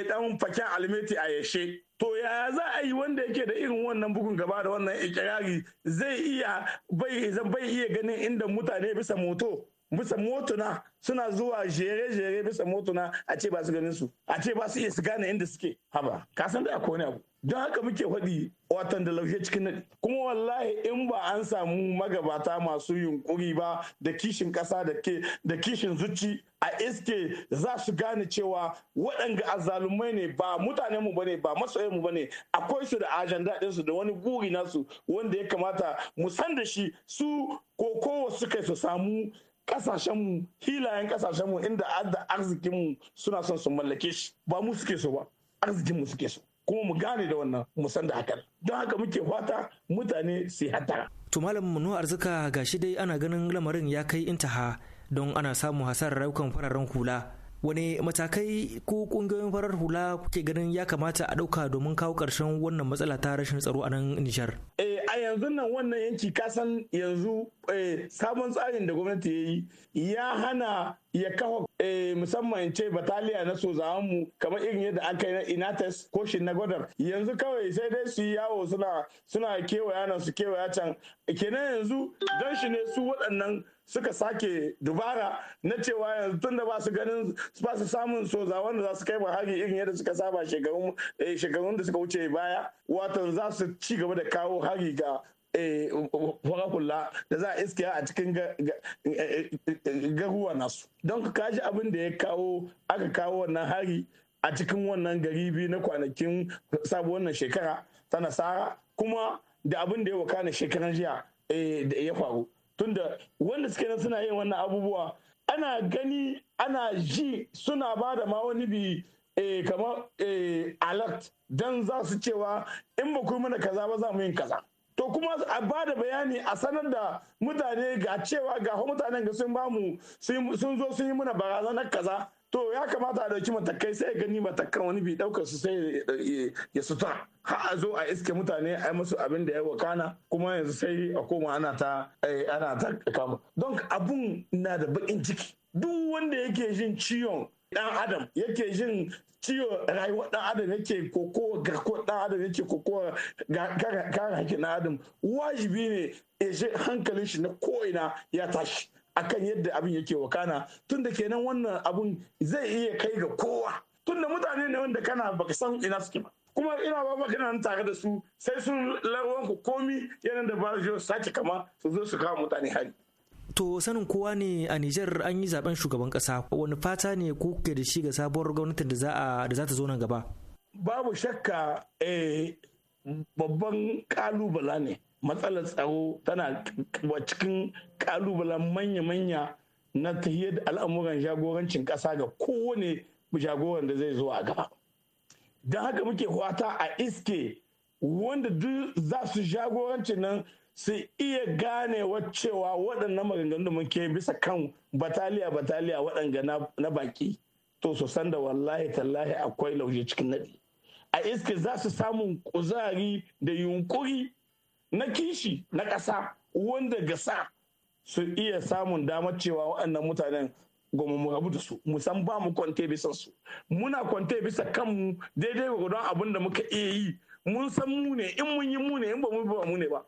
H: dan eh, faken almeti a yashe to yaya za a yi wanda yake da irin wannan bugun gaba da wannan ikirari zai iya bai iya ganin inda mutane bisa moto bisa motuna suna zuwa jere-jere bisa motuna a ce ba su ganin su a ce ba su iya su gane inda suke haba ka san da akwai wani abu don haka muke faɗi watan da laushe cikin nadi kuma wallahi in ba an samu magabata masu yunkuri ba da kishin ƙasa da ke da kishin zuci a iske za su gane cewa waɗanga azalumai ne ba mutane mu bane ba masoyan mu bane akwai su da ajanda su da wani buri nasu wanda ya kamata mu san da shi su ko kowa suka su samu filayen hilayen mu inda arzikinmu suna son su mallake shi ba mu suke so ba arzikin mu suke so kuma mu gane da wannan mu san da hakan don haka muke fata mutane su haddara.
D: to malam munu arzika gashi dai ana ganin lamarin ya kai intaha don ana samu hasarar raukan fararen hula wane matakai ko kungiyoyin farar hula kuke ganin ya kamata a ɗauka domin kawo karshen wannan matsala ta rashin tsaro a nan nishar
H: eh, a yanzu nan wannan yanki kasan yanzu eh, sabon tsarin da gwamnati ya yi ya hana ya kawo eh, musamman ce bataliya na mu kamar irin yadda aka yi na inates ko shi na gwadar yanzu kawai sai dai su yi yawo suna kewaya nan su kewaya can kenan yanzu don shi ne su waɗannan suka sake dubara na cewa yanzu tunda da ba su ganin ba su samun soza wanda za su kai ba hari irin yadda suka saba eh, shekarun da suka wuce baya wato za su ci gaba da kawo hari ga eh, farakulla da za a iske a cikin garuwa eh, nasu don ka kaji abin da ya kawo aka kawo wannan hari a cikin wannan gari biyu na kwanakin sabuwar wannan shekara ta nasara kuma da abin da ya wakana shekaran jiya ya faru tunda wanda suke nan suna yin wannan abubuwa ana gani ana ji suna ba da ma wani bi eh, kamar eh, alert don za su cewa in ba mana kaza ba za mu yin kaza to kuma a ba da bayani a sanar da mutane ga cewa ga mutanen ga sun bamu sun zo sun yi mana barazanar kaza to ya kamata a ɗauki matakai sai gani matakan wani bi ɗaukar su sai ya sutura har a zo a iske mutane a yi musu abin da ya wakana kuma yanzu sai a koma ana ta eh, ana ta kama don abun na da baƙin ciki duk wanda yake jin ciwon ɗan adam yake jin ciwo rayuwa ɗan adam yake kokowa ko ɗan adam yake kokowa kare haƙƙin ɗan adam wajibi ne ya hankalin shi na ko'ina ya tashi akan yadda abin yake wakana tunda kenan wannan abun zai iya kai ga kowa tun da mutane ne wanda kana baka san ina suke ba kuma ina ba maka nan tare da su sai sun larwan ku komi yanan da ba su sake kama su zo su kawo mutane hari to sanin kowa ne
D: a Nijar an yi zaben shugaban kasa wani fata ne ko kuke da shi ga sabuwar gwamnatin da za da za ta zo nan gaba
H: babu shakka eh babban kalubala ne matsalar tsaro tana wa cikin kalubalen manya-manya na tahiyar da al'amuran jagorancin ƙasa ga kowane jagoran da zai zo a gaba don haka muke fata a iske wanda duk za su jagoranci nan su iya gane cewa waɗannan maganganu muke bisa kan bataliya bataliya waɗanga na baki to su san da wallahi tallahi akwai lauje cikin nadi, a iske za su samun kuzari da yunkuri na kishi na ƙasa wanda gasa su iya samun damar cewa waɗannan mutanen goma mu rabu da su mu san ba mu kwante bisa su muna kwante bisa kanmu daidai gudan abin da muka iya yi mun san mu ne in mun yi mu ne in ba mu ba mu ne ba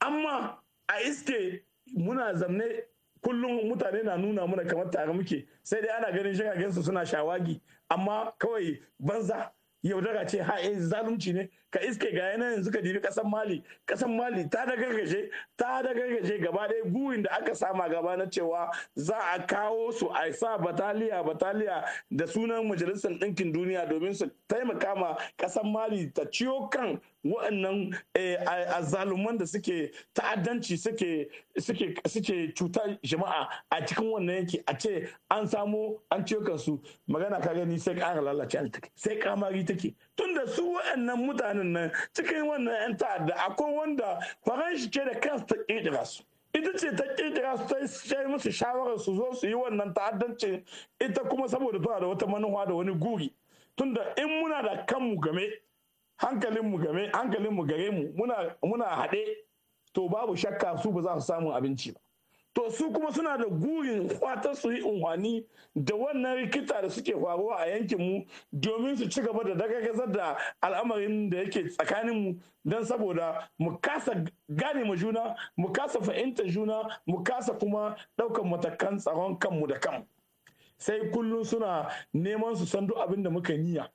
H: amma a iske muna zamne kullum mutane na nuna muna kamar tare muke sai dai ana ganin shagagensu suna shawagi amma kawai banza yaudara ce ha'e eh, zalunci ne ka iske ga yanayin yanzu ka dibi kasan mali kasan mali ta da gargaje ta da gargaje gaba ɗaya burin da aka sama gaba na cewa za a kawo su a sa bataliya bataliya da sunan majalisar ɗinkin duniya domin su taimaka ma kasan mali ta ciyo kan wa'annan eh, azaluman da suke ta'addanci suke cuta jama'a a cikin wannan yanki a ce an samu an kansu magana ka gani sai kara lalace take sai kamari take tunda su wa'annan mutanen nan cikin wannan 'yan ta'adda akwai wanda faranshi ce da kansu ta ƙirƙira su ita ce ta kirkira su ta yi musu shawarar su zo su yi wannan ta'addancin ita kuma saboda tana da wata manufa da wani guri tunda in muna da kanmu game hankalinmu game hankalinmu gare mu muna muna haɗe to babu shakka su ba za su samu abinci ba to su kuma suna da gurin kwatar su yi unhwani da wannan rikita da suke faruwa a yankin mu domin su ci gaba da dagagazar da al'amarin da yake tsakanin mu don saboda mu kasa gane ma juna mu kasa fahimta juna mu kasa kuma ɗaukar matakan tsaron kanmu da kanmu sai kullum suna neman su san duk abin da muka niyya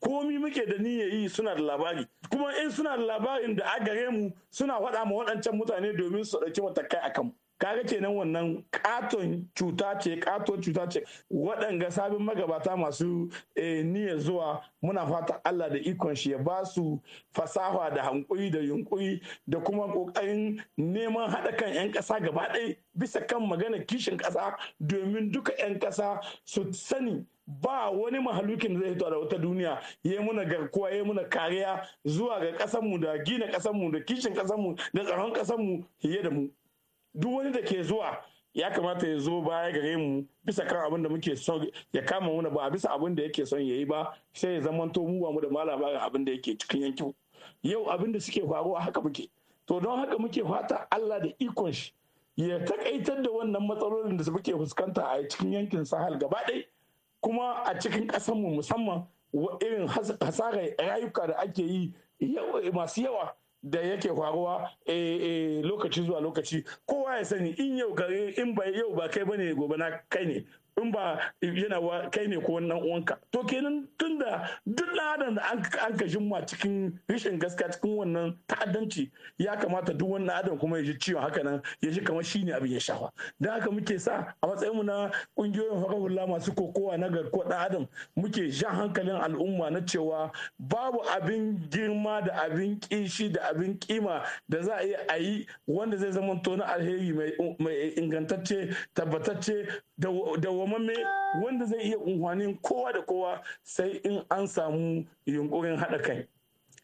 H: komi muke da niyya yi suna da labari kuma in suna da labarin da a gare mu suna faɗa ma waɗancan mutane domin su ɗauki matakai kanmu. kaga kenan wannan katon cuta ce katon cuta ce waɗanga sabin magabata masu eh, niyyar zuwa muna fata Allah da ikon shi ya ba su fasaha da hankuri da yunkuri da kuma ƙoƙarin neman haɗa kan 'yan ƙasa gaba ɗaya bisa kan magana kishin ƙasa domin duka 'yan ƙasa su sani ba wani mahalukin zai fito da wata duniya ya muna garkuwa ya muna kariya zuwa ga ƙasarmu da gina ƙasarmu da kishin ƙasarmu da tsaron ƙasarmu fiye da mu. duk wani da ke zuwa ya kamata ya zo baya gare mu bisa kan abin da muke son ya kama muna ba bisa abin da yake son ya yi ba sai ya to mu ba mu da malama ga abin da yake cikin yankin yau abin da suke faruwa haka muke to don haka muke fata Allah da ikon shi ya takaitar da wannan matsalolin da suke fuskanta a cikin yankin sahel gaba ɗaya kuma a cikin ƙasarmu musamman irin hasarar rayuka da ake yi masu yawa da yake faruwa eh, eh, lokaci zuwa lokaci kowa ya sani in yau ba yau ba kai bane gobe na kai ne in ba yana wa kai ne ko wannan uwanka to kenan tunda duk ladan da an ka jimma cikin rishin gaskiya cikin wannan ta'addanci ya kamata duk wannan adam kuma ya ji ciwon haka nan ya ji kamar shine abin ya shafa don haka muke sa a matsayin mu na kungiyoyin hukumar masu kokowa na garkuwar dan adam muke jan hankalin al'umma na cewa babu abin girma da abin kishi da abin kima da za a iya a yi wanda zai zama to na alheri mai ingantacce tabbatacce da dawwamamme wanda zai iya unhwanin kowa da kowa sai in an samu yunkurin haɗa kai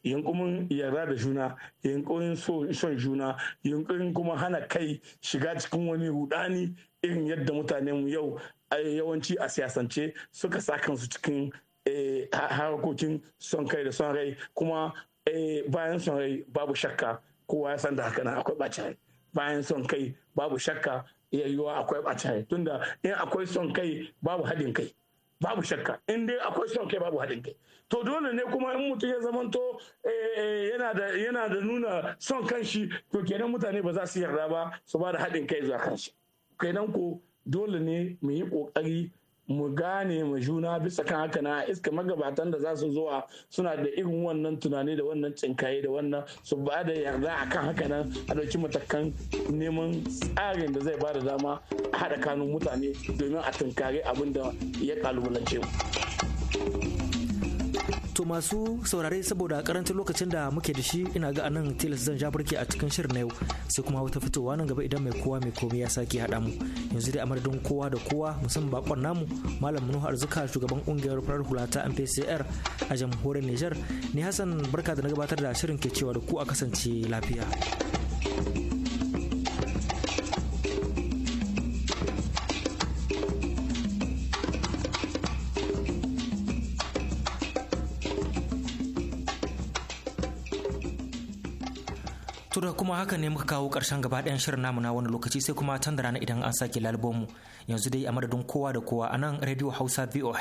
H: yunkurin yarda da juna yunkurin son juna yunkurin kuma hana kai shiga cikin wani rudani irin yadda mutanenmu yau yawanci a siyasance suka sa kansu cikin eh, harkokin son kai da son rai kuma eh, bayan son rai babu shakka kowa ya san da haka na akwai bacin rai bayan son kai babu shakka iya yiwuwa akwai ɓacin tunda in akwai son kai babu haɗin kai babu shakka in dai akwai son kai babu haɗin kai to dole ne kuma in mutum ya zamanto eh, eh, yana da nuna son kanshi to kenan mutane ba za su yarda ba su ba da haɗin kai zuwa kanshi kenan ko dole ne mu yi ƙoƙari mu gane ma juna bisa kan haka na iska magabatan da za su zuwa suna da irin wannan tunani da wannan cinkaye da wannan su ba da yarda kan haka nan a dauki matakan neman tsarin da zai ba da dama a haɗa kanun mutane domin a tunkari abin da ya kalubalance mu.
D: To masu saurare saboda karancin lokacin da muke da shi ina ga anan tilas zan ja burki a cikin shirin na yau sai kuma wata fitowa nan gaba idan mai kowa mai komai ya sake haɗa mu yanzu dai a madadin kowa da kowa musamman bakon namu malam Nuhu Arzuka shugaban kungiyar farar hula ta MPCR a jamhuriyar Niger ni Hassan barka da na gabatar da shirin ke cewa da ku a kasance lafiya. kuma haka ne muka kawo ƙarshen gaba ɗayan shirin namu na wani lokaci sai kuma can da rana idan an sake lalbomu yanzu dai a madadin kowa da kowa a nan radio hausa voh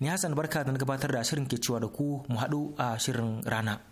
D: ni hassan barka da na gabatar da shirin ke cewa da ku mu haɗu a shirin rana.